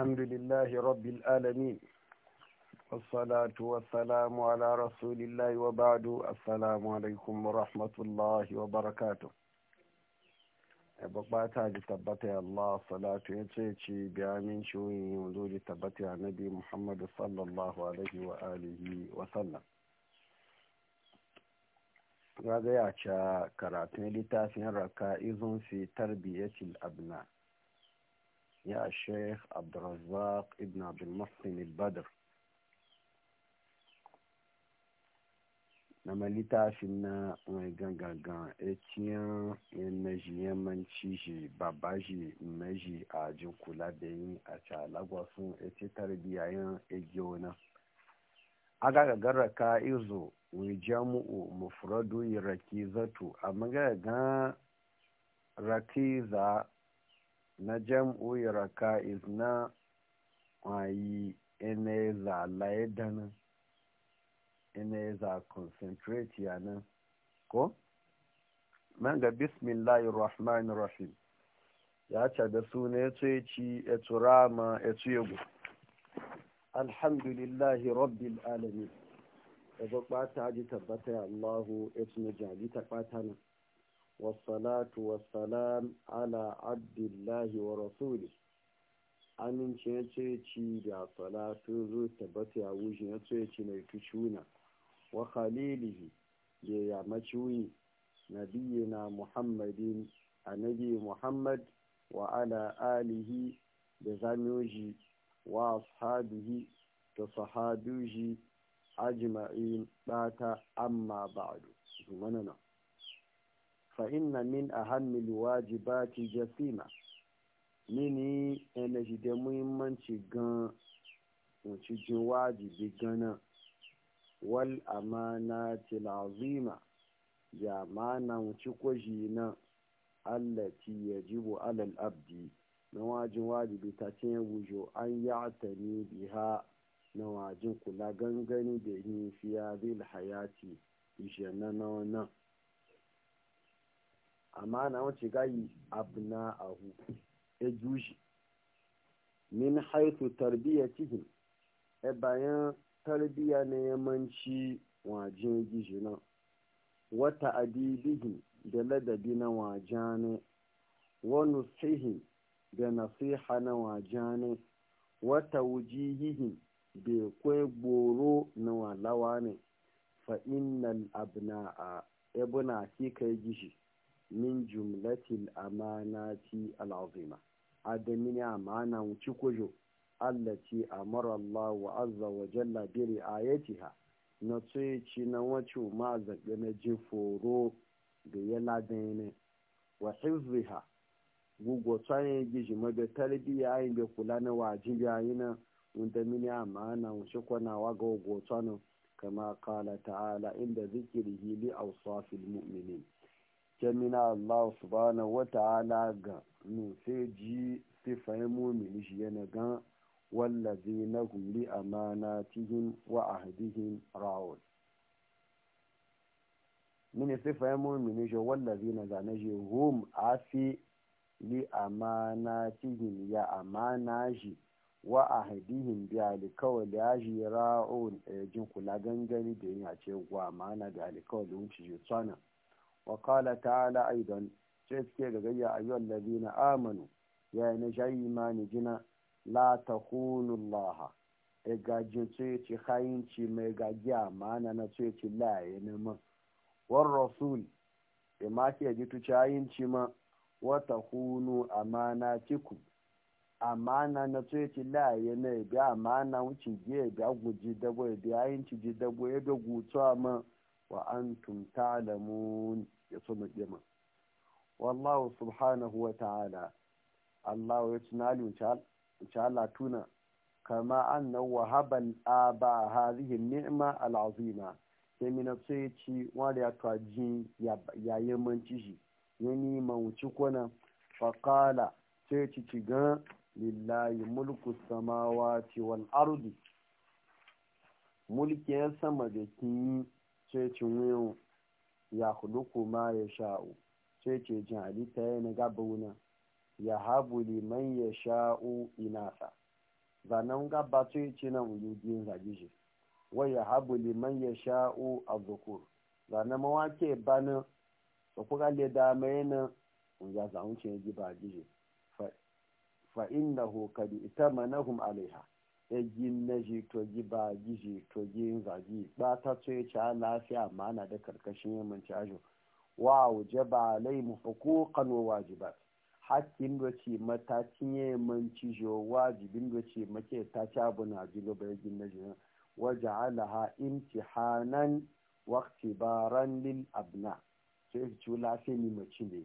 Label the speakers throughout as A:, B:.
A: الحمد لله رب العالمين والصلاة والسلام على رسول الله وبعد السلام عليكم ورحمة الله وبركاته ta ji tabbata ya Allah salatu ya ce ci biya min yanzu ji tabbata ya nabi Muhammadu sallallahu alaihi wa alihi wa sallam ya ga ya ce karatun littafin raka izun fi tarbiyyatil abna يا الشيخ عبد الرزاق ابن عبد المحسن البدر nama littafin na gangan etiyan yanayi yammanci shi babba shi meji a jin kula da yi a calagwa sun eti tarbiyayen egiyona aga gagara ka izo wijamu'u mufradu yi rakizatu amma ga rakiza na jam'u raka is na wayi ina za laye concentrate ya nan ko man ga bismillahir rahmanir rahim ya ce da suna ya ce ci ya turama ya tuyegu alhamdulillahi rabbil alamin ya zo ɓata ji tabbata ya allahu ya tuna jali ta ɓata nan والصلاة والسلام على عبد الله ورسوله amince ya ce ci da salatu zo tabbata ya wuce ya ce ci mai kishuna wa khalilihi da ya maciwi nabiyina muhammadin annabi muhammad wa ala alihi da zamiyoji wa ashabihi da sahabiyoji ajma'in bata amma ba'du zumanana fa'inna min a hannun wajibati jasima nini energy da muhimmanci gan jin wajibi gana wal amana tilazima ya mana wuci kwaji na allati ya jibo alal abdi na wajin wajibi ta ce wujo an yi atani biha na kula gangani da ni fiya zil hayati ishe na nan amma na wace gayi abu na ahu e juji min haitu tarbiyatihim e bayan tarbiya na yamanci wajen gijina wata abibihi da ladabi na wajane wani sihin da nasiha na wajane wata wujihihi da kwe gboro na walawa ne na a a ebuna kika gishi min jumlatil amanati al'azima adamini amana wuci kujo amara Allah wa azza wa jalla bi ha na ci na wacce ma zaɓe na ji foro da ya ladane wa ha gugu tsayin gishi mabe tarbiyya yayin da kula na ya yi na wanda mini amana wuce wa ga gugu tsanin kama kala ta'ala inda zikirihi li awsafil mu'minin kemina Allah subhanahu wa ta'ala ga sai ji sifayen mumini shi yana gan wallazi na gumli amana cikin wa ahadihin rawul mini sifayen mumini shi wallazi na gane shi hum afi li amana cikin ya amana shi wa ahadihin bi alikawali ya shi eh, jin kula gangani da yin a ce wa amana da alikawali wuce shi وقال تعالى أيضا aidan sai أيها الذين آمنوا ayyuhal ladina amanu ya na تخون الله jina la takunu allah e gajin ce ci khayinci mai gaji amana na ce e ci la ma rasul ma wa amana amana na ce ci la yana ga amana wuce ge ga guji dabo e bi ci ji dabo e ga gutsu wa antum ta'lamun ya so mu kiyama wallahu subhanahu wa ta'ala Allah ya tunali insha Allah tuna kama annahu wahaba aba hadhihi an-ni'ma al-azima sai mina sai ci wani ya taji ya yammanci shi yani mawuci kona faƙala sai ci ci lillahi mulku samawati wal ardi mulkin sama da kinyi sai ci ya huluku ma ya sha'u sai ce jin halitta ya na gaba wuna ya habu liman ya sha'u inasa zanen gaba sai ci nan wuyugin zagi wa ya habu liman ya sha'u a zukur zanen mawake bana da kuka le dama yana ya zaunce ya ji ba gije fa innahu kadi ita manahum alaiha ejin na ji to ji ba ji ji to ji zagi ba ta ce cha lafiya mana da karkashin yamin cajo wa ba wajaba alai muhuquqan wa wajibat hakkin da ce matakin yamin cijo wajibin da ce make ta abu na ji bai bayin na ji hanan wakti baran lil abna sai ci lafiya ni mace ne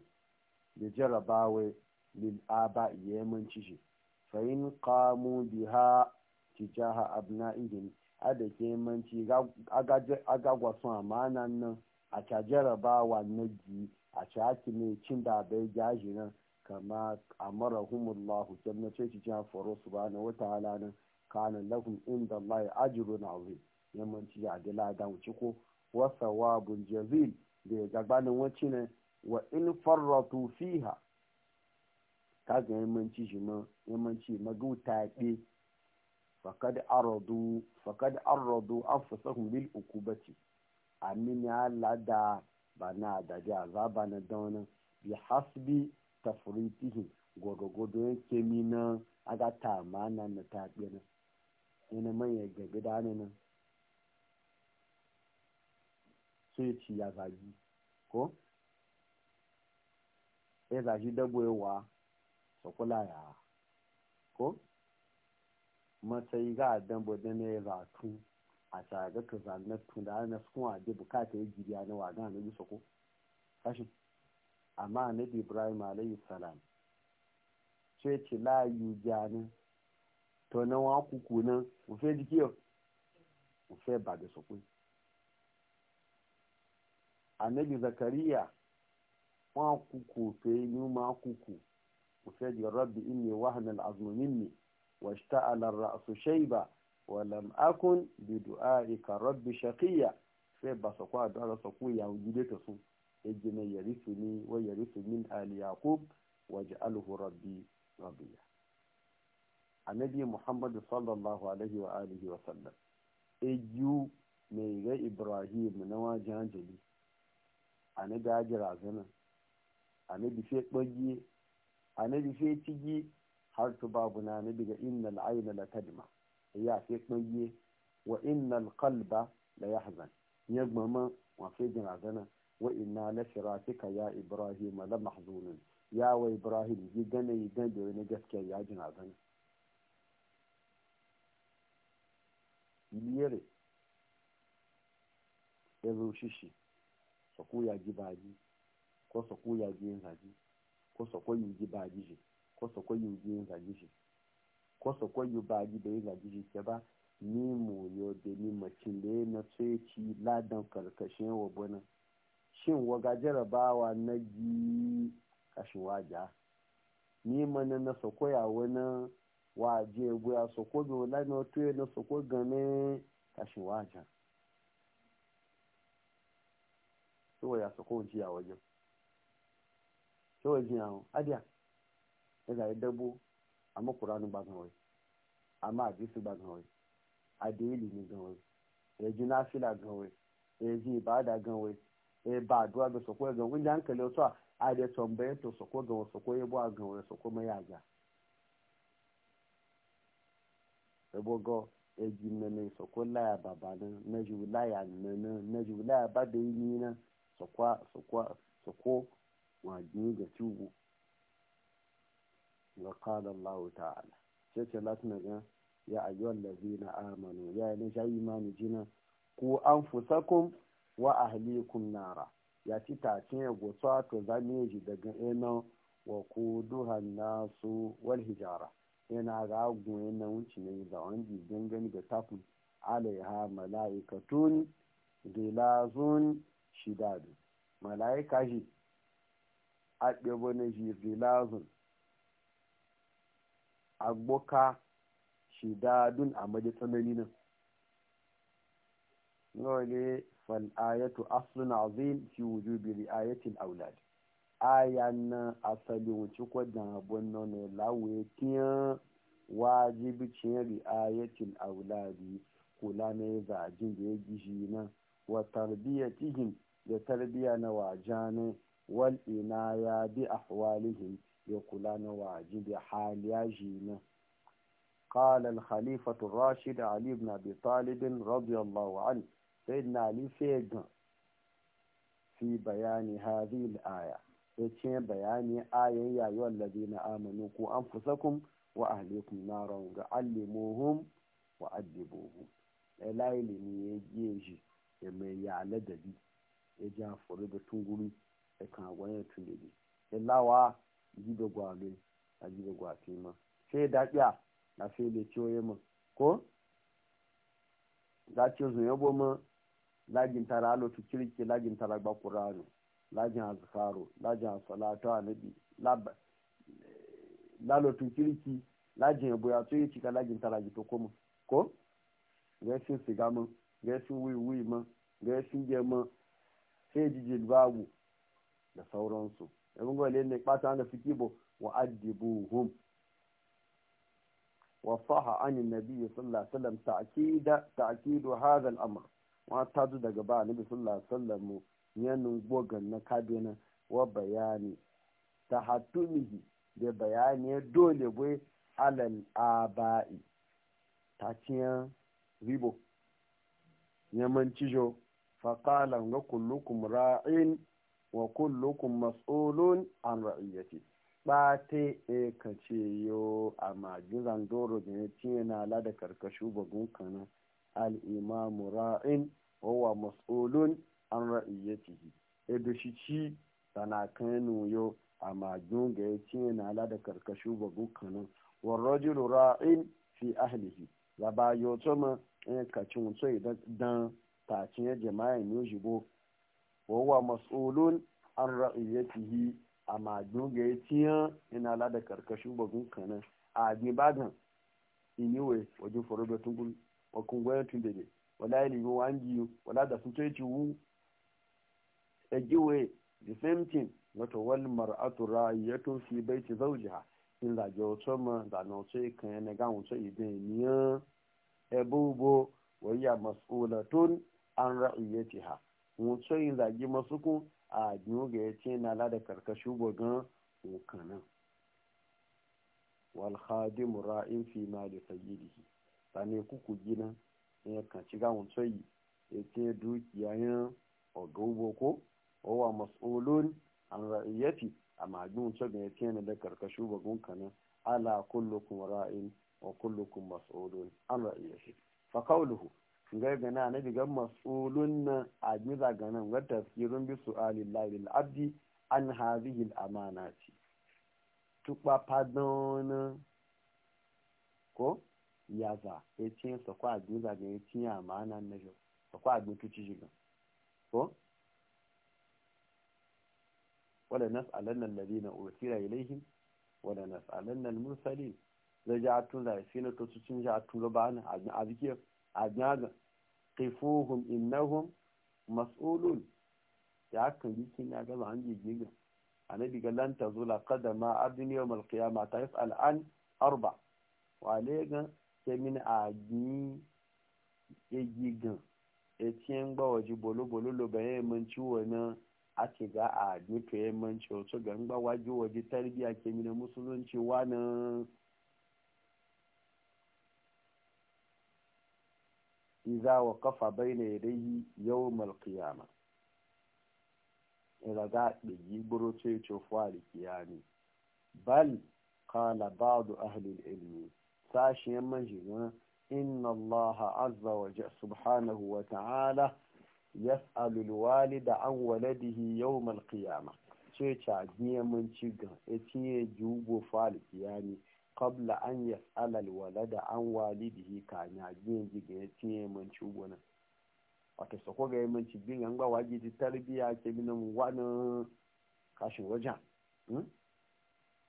A: da jarabawa lil aba yamin cijo fa in qamu biha tijaha abna'ihim ada ke manci agagwa amana nan a ta jarabawa na ji a ci ne cin da bai gaji nan kama amara humullahu jannace ci jan faro su ba na wata hala nan kana lahum inda Allah ya ajiru na azim yammanci ya da ladan wuce ko wasa wa bunjazil da ya gabanin wacce ne wa in farratu fiha kaga yammanci shi ma yammanci maguta ɗe fakad aradu fakad aradu anfusahum lil ukubati amini alada bana da ji azaba na dauna bi hasbi tafritihim godogodo yake mina aga ta mana na ta na ina manya gabi da nan sai ci ko ya ko matsayi ga adan bode ne ba tu a tsaga ka zanna tun da na sukun kuma je bukata ya gidiya na wa gana yi sako kashin amma bi ibrahim alayhi salam ce ce la yu jani to na wa kuku nan mu fe jiki yau mu fe ba da sako annabi zakariya wa kuku fe yi ma kuku mu fe ji rabbi inni wahana al'azumin ne واشتعل الرأس شيبة ولم أكن بدعائك رب شقيا سيبا سقوى دعا سقوى يوجد تسو اجنا يرثني ويرث من آل يعقوب واجعله ربي ربيا النبي محمد صلى الله عليه وآله وسلم اجو ميغا إبراهيم نوا جانجلي أنا جاجر عزنا أنا بفيت بجي أنا بفيت تجي har su babu na nabi ga innal aina la tadma ya fi kpaye wa innal qalba la yahzan ya gbama wa fi jinazana wa inna la siratika ya ibrahim la mahzunun ya wa ibrahim yi gane yi gane wani gaskiya ya jinazana yere ya zo shishi sako ya ji baji ko sako ya ji yin ko sako yi ji baji shi ko su koyi yin zagi shi ko ba koyi baji da yin zagi shi ke ba ni mu yo da ni macin da na ci ladan karkashin wa bana shin waga jarabawa na ji kashin waja ni mana na sokoya wani wa waje goya soko bi wala na tuye na soko gane kashin waja so ya soko ji a wajen so ya ji a adiya eza edogbo ama kuranu gbazanwe ama adisu gbazanwe adi ilimi ganwe eji nafila ganwe eji ibada ganwe eba aduwa ga sokwe gan wunde hankali otu a ade tombe to sokwe gan sokwe ebo a ganwe sokwe mai aja ebo go eji nene sokwe laya baba na meji laya nene meji laya ba da yi ni na sokwa sokwa sokwo wa ji ga tubu wa qala Allah ta'ala sai ce latin ga ya ayyuhal ladzina amanu ya ne shayi imani jina ku anfusakum wa ahlikum nara ya ci takin ya gotsa to zameji daga eno wa kuduhan nasu wal hijara yana ga agun yana wuce ne da wani gangani da tafin alaiha mala'ikatun gilazun shidadu mala'ika shi a ɗebo na shi gilazun agboka shidadun a maji tsanani nan yawale fal'ayatu aslun azim fi wujubi ri'ayatil aulad ayan na asali wuce ko dan abun nan ne lawe kiyan wajibi cin ri'ayatil auladi kula ne jin da ya gishi na wa tarbiyatihim da tarbiya na wajane wal inaya bi ahwalihim يقول أنا واجب حال haliya قال الخليفة الراشد علي بن أبي طالب رضي الله عنه سيدنا علي سيدنا في بيان هذه الآية يتشين بيان آية يا أيها الذين آمنوا قوا أنفسكم وأهلكم نارا علموهم وأدبوهم لا يلمي يجي يما يعلد دبي يجي فرد بتنقلي يكون أغوية تنقلي إلا jibe gwale a jibe gwafe ma sai a na sai da ciwoye ma ko za ci zuwa yabo ma lagin tara alotu kirki lagin tara gba lagin azkaro lagin asalatu anabi lalotu kirki lagin yabo ya tsoye cika lagin tara gito kuma ko gaisin siga ma gaisin wiwi ma gaisin gema sai jijin babu da sauransu ẹ̀rùn gbọ́dọ̀ lẹ́nu ìpáta ń lọ sí kíbo wọ́n á dìbò hùm. wọ́n fáha ánì nàbí yìí sọ́lám tàkídò hazel amà wọ́n á tájú daga bá níbi sọ́lám yẹnu gbọ́gàn na kábínà wọ́n bayani tahatumihi de bayani dole bu alal abai tatiya ribo yaman fakalan faqala ngakullukum ra'in wa kullukum mas'ulun an ra'iyati te e kace yo amma gizan doro ne tiye na la da karkashu bugun kana al imam ra'in huwa mas'ulun an ra'iyatihi e da shi ci sana kanu yo amma gunga ya tiye na la da karkashu bugun kana wa rajul ra'in fi ahlihi la ba yo to ma e mun so idan dan ta ciye jama'a ne jibo wa huwa mas'ulun an ra'iyatihi amma dunga ya tiya ina la da karkashin bugun kana a ni bagan ni we waje forodo tungun wa kungoya tundede wala ili go wangi wala da sun tsaye wu a giwe the same thing wato wal mar'atu ra'iyatun fi baiti zawjiha in la jo tsoma da no tsaye kan ne ga wuce idan niya ebubo wa ya mas'ulatun an ra'iyatiha wato yin zagi masu ku a ga ya ce na lada karkashin gogon wukanan wal khadim ra'in fi ma da sayyidihi sane kuku gina ya kan shiga wato yi ya ce dukiyayen ogogo ko owa mas'ulun an ra'iyati a jin wato ga ya ce na da karkashin gogon kanan ala kullukum ra'in wa kullukum mas'ulun an ra'iyati fa qawluhu ngai gana na diga masulun na ajiza ganan wa tafsirun bi su lil abdi an hadhihi al amanati tukpa padon ko yaza etin so kwa ajiza ga cin amana na jo so kwa agbe tuci jigan ko wala nas'alanna alladhina ursila ilayhim wala nas'alanna al mursalin da ja tun na cin ja tun ba na a zikiyar a qifuhum innahum mas'ulun ya kan yi kin ya gaba an gige ga annabi ta zo la qadama abdin yawm al-qiyamah ta yas'al an arba wa lega ke min agi e gigan e tin gba waji bolo bolo lo baye mun ci wona ake ga a ni to e mun ci so ga gba waji waji tarbiya ke min musulunci wa iza wa kafa bayna yadayhi yawmal qiyama ila ga digi buru ce ce fari kiyami bal qala ba'd ahli ilmi ilm sashi man jiga ina Allah azza wa subhanahu wa ta'ala yas'alu al da an waladihi yawmal qiyama ce ce mun ci ga e ci jugo fari kiyami qabla an yas'ala alwalada an walidihi ka nya gin ji ga tiye man ci gona wato sako bin an ba tarbiya ke bin wani kashin waja hmm?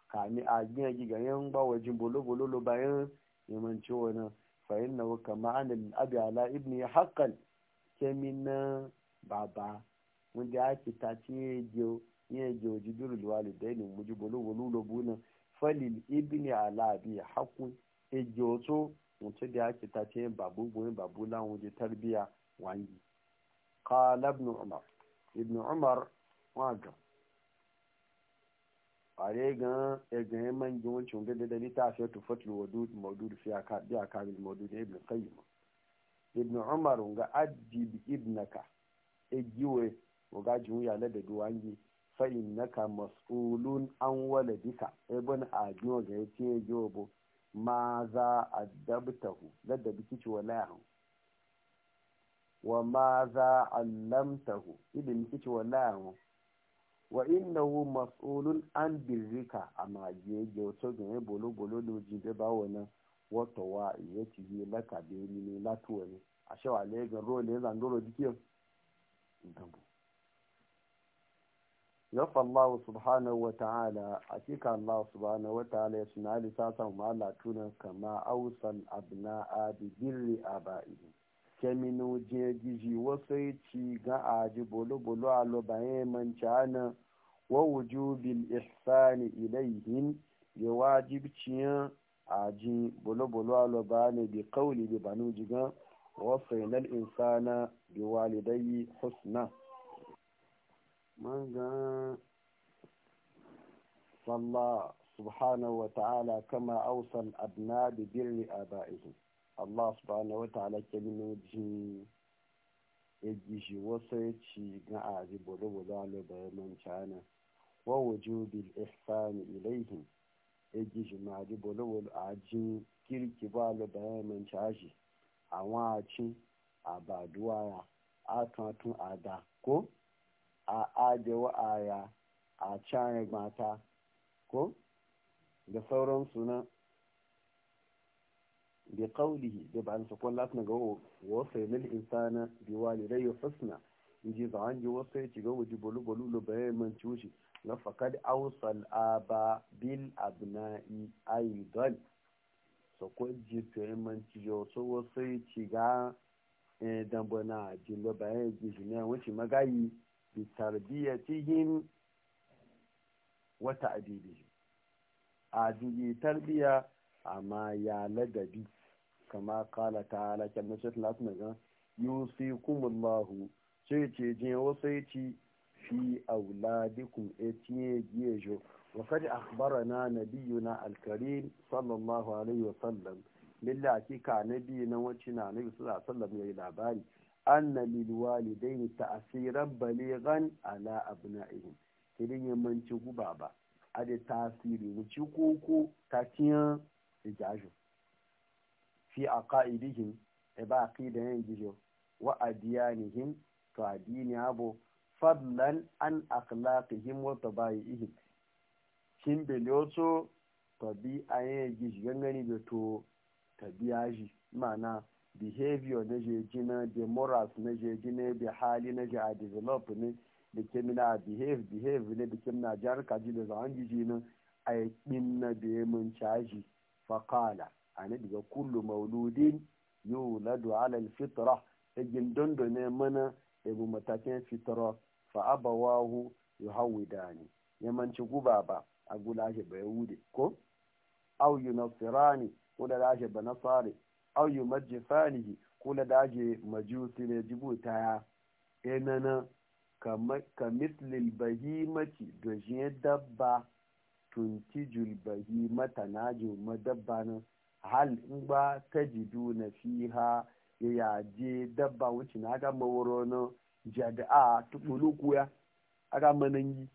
A: ka ni a gina ji yan ba wajin bolo bayan ya ci wona fa inna wa kama an ala ibni haqqan kemina baba wanda ake ta ce je ne je wajidul walidaini mujibulu wulu lo buna falil ibni haku hakun e ejoto mutu da ake ta ce babu buyin babu lawon tarbiya wangi qala ibn umar ibn umar waga are ga egan e man ji wancin da da ta fi tu fatul wadud mawdud fi aka bi e, ibn qayyim ibn umar ga ibnaka ejiwe ga jiwu ya da fa'innaka mas'ulun an waladika ibn ajiyo ga ya ce yobo ma za a dabtahu ladda bikici walayahu wa ma za a lamtahu ilin bikici walayahu wa innahu mas'ulun an birrika a ma magiye ga wato ga ya bolo-bolo da jibe ba wani wata wa iya ci yi laka da yi ne latuwa ne a shawa ne ga role ya zandoro jikin dambu yafa Allah subhanahu wa ta'ala a cika Allah subhanahu wa ta'ala suna lissafin malatunan kama ausal abna a bibirri a ba'ihi kemino jirgiji wasu ci ga aji bolo-bolo a lobayen mancana wa wujubil ihsani ilaihin ya wajibciyan aji bolo-bolo a lobayen bi kauli bi banu wa wasu insana bi walidai husna man gan sallah subhanahu wa ta'ala kama ausal adna bi birri aba'ihim Allah subhanahu wa ta'ala kelime ji ya ji shi wasu ya ci ga aji bolo bolo alo bayan mancana wa wujubil ihsani ilaihim ya ji shi ma aji bolo bolo aji kirki ba alo bayan mancaji àwọn àti àbàdúwàrà àtúntún àdá kó. a ajewa aya a can mata ko da sauran sunan bi qawlihi da ba su kun lafna ga wa sayyidul insana bi walidayhi husna inji za an ji wasu ya ciga waje bulu bulu lo bayan man cuci na fakad ausal aba bil abna'i aidan so ko ji to man ciyo so wasu ya ciga eh, dan bona ji lo bayan ji ne wuci magayi bi tarbiyatihim wa ta'dibihim adili tarbiya amma ya ladabi kama kala ta'ala kan nasu lati magan yusikumullahu sai ce jin wasaici fi auladikum وقد أخبرنا نبينا الكريم صلى الله عليه وسلم لله كيكا نبينا وشنا نبي صلى الله عليه وسلم يا labari anna lil walidaini ta'siran balighan ala abna'ihim kidin yamanci guba ba ade tasiri wuci koko takiyan ijajo fi aqaidihim e ba aqida yan gijo wa adiyanihim to adini abo fadlan an akhlaqihim wa tabaihim kin belioto tabi ayen gijo gangani da tabiyaji ma'ana behavior na ji na da morals na ji na da hali na je a develop ne da ke mina behave behave ne da ke mina jar kaji da zaman jiji na a ɗin na da ya mun caji fakala a ne daga kullu mauludin yuladu fitra alfitra da e dondo ne mana e bu matakin fitra fa abawahu yuhawidani yamanci guba ba a gulashe ya wude ko au yunasirani ko da lashe ba nasare au yi majifanihi ko na daje majusi ne ta ya enana ka mislil bahimati da shi dabba tunti julbahi mata na ma dabba nan hal in ba ta jidu na ha, ya yaje dabba wuce na ga mawuro na jada'a tukulu kuya aga manangi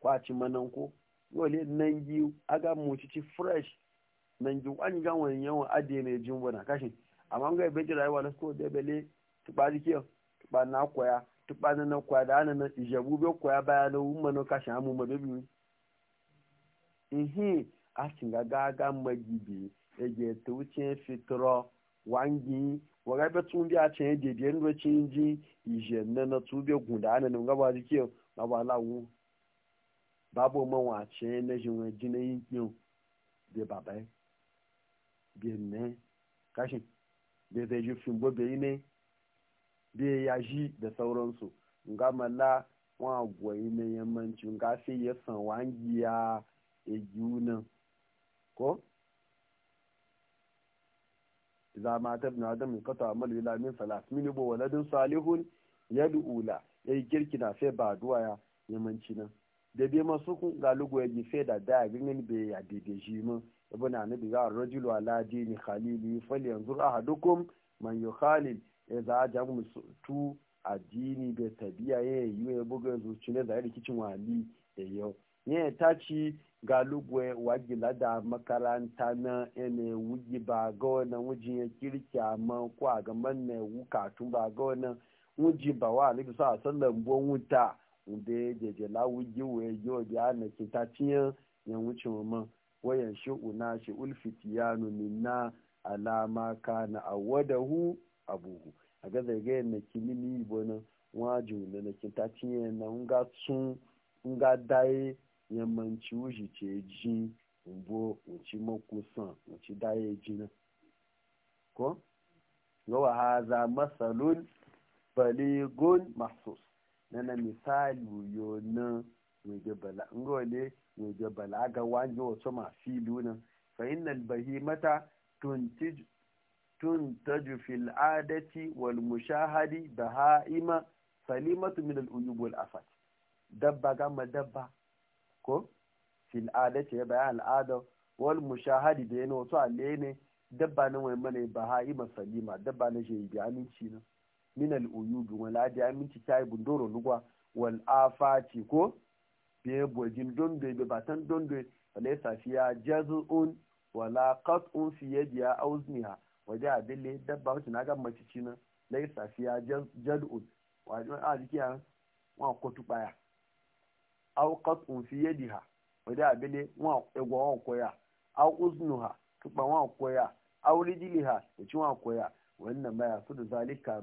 A: kwaci ko yau ne yi, a ga ci fresh nan ji an ga wani yawan ade ne jin wani kashin amma ga bai jira rayuwa na sko da bele tuba dike ba na koya ba na koya da ana na ijabu bai koya baya na umma na kashin amu ma bebi ihi a cin ga gaga magibi ege ta wuce fitro wangi waga bai tun biya cin yadda biyar lokacin ji ije na na tube gunda ana nan gaba dike ma ba lawu babu mawace na jinwa jinayin kiyo de babai benne kashin da zai ji fimbo bai ne bai yaji da sauransu nga mala wa yi ne yammanci nga fi ya san wangiya e juna ko za ma tabna adam qata amal ila min salas min bo waladun salihun yad'ula yayi kirkina sai ba duwaya yammanci nan da bi masu kun ga lugu ya gife da da ganin bai ya daidai shi mu ibn annabi ga rajulu ala dini khalili falyanzur ahadukum man yukhalil idza ajabu tu addini da tabiya ya yi ya buga zuci ne da rikicin wali da yau ne ta ci ga ya wagila da makaranta na ene wugi ba ga wannan wujin ya kirki amma ko a ga manne wukatun ba ga wannan wuji ba wa alibi a sallan bon wuta ude jeje lawu jiwe joji ana kitatiyan yan wuce mamman wayan shi'u na shi'ul fitiyanu minna alama kana awadahu abuhu a ga zargayen na kilimi bonan waju na na kitatiyan na nga sun nga daye yammanci wuji ce ji mbo wuci makusan wuci daye na ko yawa haza masalun baligun mahsus nana misali yo na wege bala ngole wege bala ga wanjo wato ma filu nan fa innal bahimata tuntij tuntaju fil adati wal mushahadi bahaima salimatu min al uyub wal afat dabba ga ma dabba ko fil adati ya bayan al'ada wal mushahadi da yana wato alle ne dabba nan wai mana bahaima salima dabba na je yi aminci nan min al'uyubi wala da ya minci kyayi bundoro nugwa wal afati ko biye bojin dondo be batan dondo wala safiya jaz'un wala qat'un fi yadiya aw uzniha waje adille dabba wacce na ga mace na lai safiya jaz'un waje a jikiya wa kotu baya aw qat'un fi yadiha waje adille wa egwa wa koya aw uznuha tuba wa koya aw rijliha ya ci wa koya wannan baya su da zalika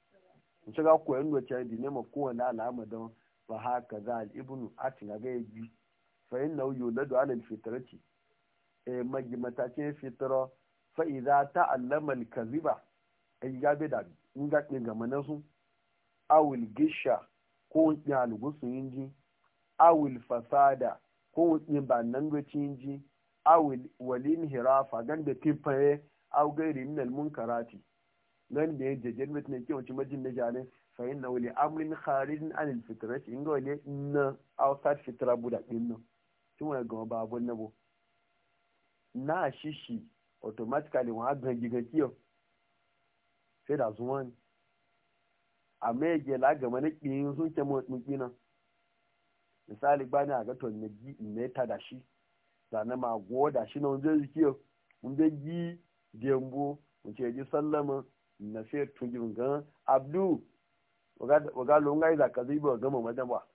A: nso ga koyon doce di ne ma kowane alama don ba haka za al ibnu atin ga ya bi fa in lau yuladu ala al fitrati e magi matakin fitra fa idza ta'allama al kaziba ai e, ga be da in ga ga manasu awil gisha ko ya lugusu yinji awil fasada ko yin ba nan gaci yinji awil walin hirafa ganda tifaye aw gairi al munkarati gan da ya jeje mutum tunan kyau ci majin na jane fa yin na wuli amurin harin anil fitra shi inga wuli na outside fitra buda ɗin nan tun wani gama ba abun nabo na shi shi automatically wani agan giga kiyo sai da zuwa ne a mai gela gama na ƙiyin sun ke mutuki nan misali ni a gato na gi na ta da shi zane ma go da shi na wunje kiyo wunje gi dembo wunce ji sallama na sai tujin gan abdu waga longa iza kazi ibo gama madan ba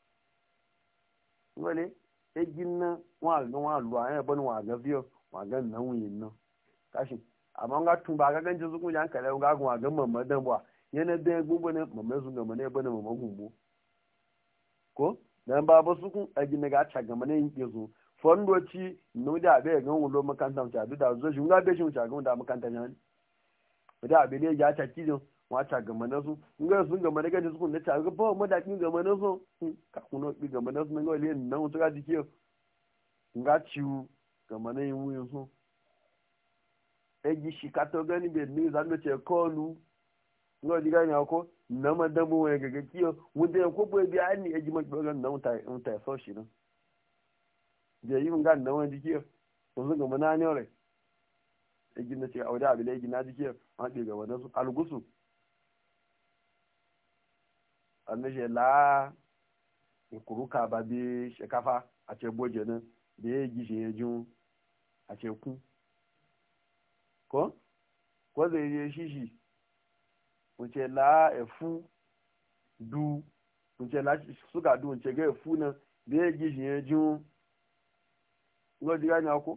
A: wale e ginna wa ga wa lu ayan bon wa ga biyo wa ga nan yin nan kashi amma ga tun ba ga ganjin su kujan kare ga ga ga madan ba yana da gugu ne mamma su ga mane bane mamma gugu ko dan ba ba su kun a ga ta ga ne yin kezo fondoci no da be ga wulo makanta ta da zo shi ga be shi ta ga da makanta ne da abin da ya ta kijo wata ga na su ga sun ga manaka da su kun na ta ga ba mu ga kin su hmm, ka kuno bi gama na su nan wale nan wuta ga dikiyo nga ciu gama na yin wuyin su egi shi ka to gani be ni zan da ce kolu ngo diga ni ko na ma da mu ga ga kiyo mun da ko bo bi ani egi ma ga nan wuta wuta so shi nan je yi mun ga nan wani dikiyo to sun gama na ne ore igin na ce a wadda abin igin na jike haɗe ga wadda su algusu an na la kuruka ba bi shekafa a ce boje nan da ya gishe ya jin a ce ku ko ko zai yi shishi wace la efu du wace la suka du wace ga efu nan da ya gishe ya jin ngọ́ di ránà ọkọ́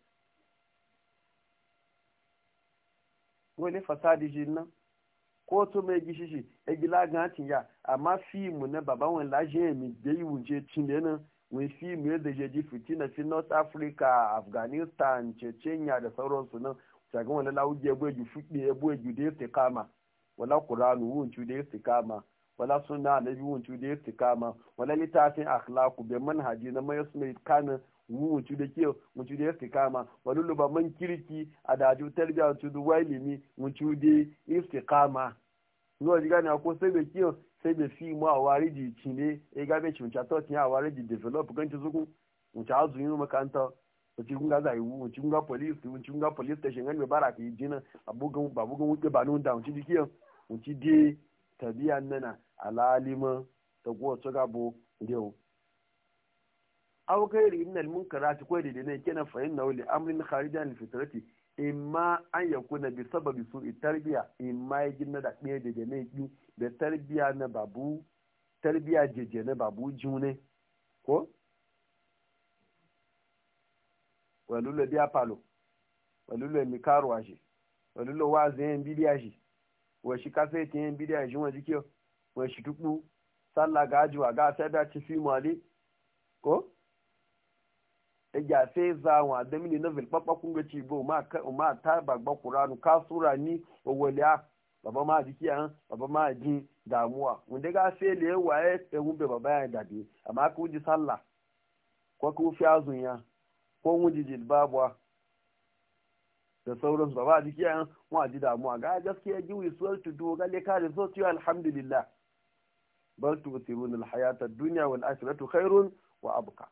A: wani fasadi shi nan ko to mai gishi shi e gila gantin ya amma fimu na baban wani lajiya mi da yi wuce cinye nan wani fimu yadda je ji na fi north africa afghanistan chechenya da sauransu nan shagan wani lawuji ya buwe ju fuɗe ya buwe ju da ya kama wala kuranu wuncu da ya kama wala suna na biyu wuncu da ya kama wala littafin akhlaqu bai manhaji na mai su mai kanin wucu da ke wucu da istiqama walulu ba man kirki a daju tarbiya wucu da wailimi wucu da istiqama nuwa ji na ko sai da ke sai da fi mu a wari di cine e ga be cimca to tin wari di develop kan ci zuku wucu azu yin makanta wucu kun ga yi wu wucu kun ga police wucu kun ga police station an me bara ka yi jina abugun babugun wuce ba nun da wucu di ke wucu di tabiya nana alalima ta ko so gabo yau aw ghairi min al munkarati ko da ne kenan fa inna li amrin kharijan al fitrati imma an yakuna bi sababi su'i tarbiya imma yajin da ɗaya da ne yi da tarbiya na babu tarbiya jeje na babu june ko walulle biya palo walulle mi karuwa shi walula wazin yan bidiya ji wa shi kasaitin yan bidiya ji wa jikiyo wa shi tukbu sallaga ga ajiwa ga sai ci fi mali ko ya fe zawa da mini novel babba kun ga cibo ma ma ta bagba qur'anu ka sura ni waliya baba ma jiki an baba ma ji damuwa wanda ga fe le waye e mun be baba ya dabi amma ku ji sallah ko ku fi azunya ko mu ji jilbabwa da sauransu baba jiki an mu ji damuwa ga gaskiya ji we swear to do ga le ka result you alhamdulillah bal tirun alhayata ad-dunya wal akhiratu khairun wa abqa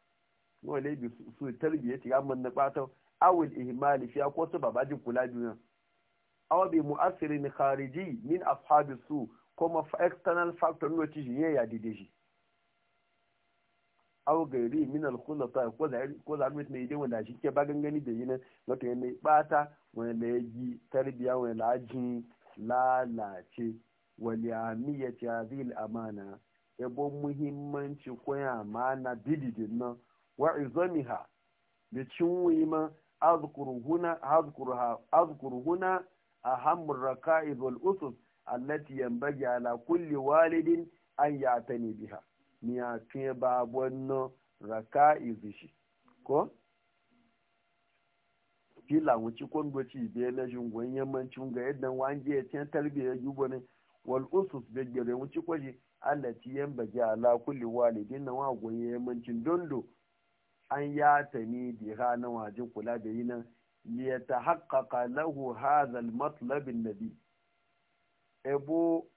A: wale bi su tarbiya ci amman na batau awul ihmali fiya ko su babaji kula biyu aw bi mu'assirin khariji min ashabi su ma external factor no ci ye ya dideji aw gairi min al khulata ko da ko da mutum ne idan wanda shi ke ba gangani da yinan to yana bata wanda ya ji tarbiya wanda lajin lalace waliyamiyyati hadhihi al amana ebo muhimmanci koya amana bididin nan wa izamiha da cinwi ma azkuru huna a hamun raka izwal usus allati yambagi ala kulli walidin an ya ta ne biha ni a tun ba wannan raka izishi ko fila wuci kwangoci biya na shingon yammancin ga yadda wange ya tiyan tarbiyyar yubo ne wal usus da gere wuci kwaji allati yambagi ala kulli walidin na wagon yammancin dondo an ya tani biha na wajen kula da yi nan ya ta haƙaƙa lahu hazal matlabin nabi ebo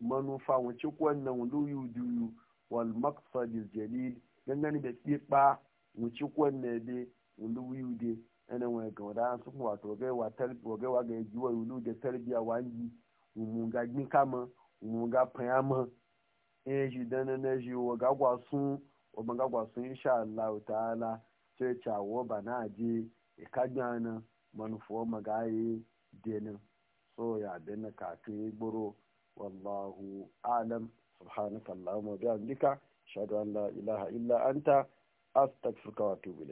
A: manufa wace wannan luyu duyu wal maqsadil jalil gangan da tsipa wace wannan be luyu de ana wani ga wadana su wato ga watar ga wa ga yiwa yulu da tarbiya wangi mun ga gin kama mun ga fayama eh shi dana na shi wa ga gwasun o manga gwa insha Allah ta'ala ce cawo bana je ikanyana manufo magaye denin so ya dena kafin gburo wallahu alam subhanaka allahumma bihamdika ashhadu an la ilaha illa anta astagfirka wa tubu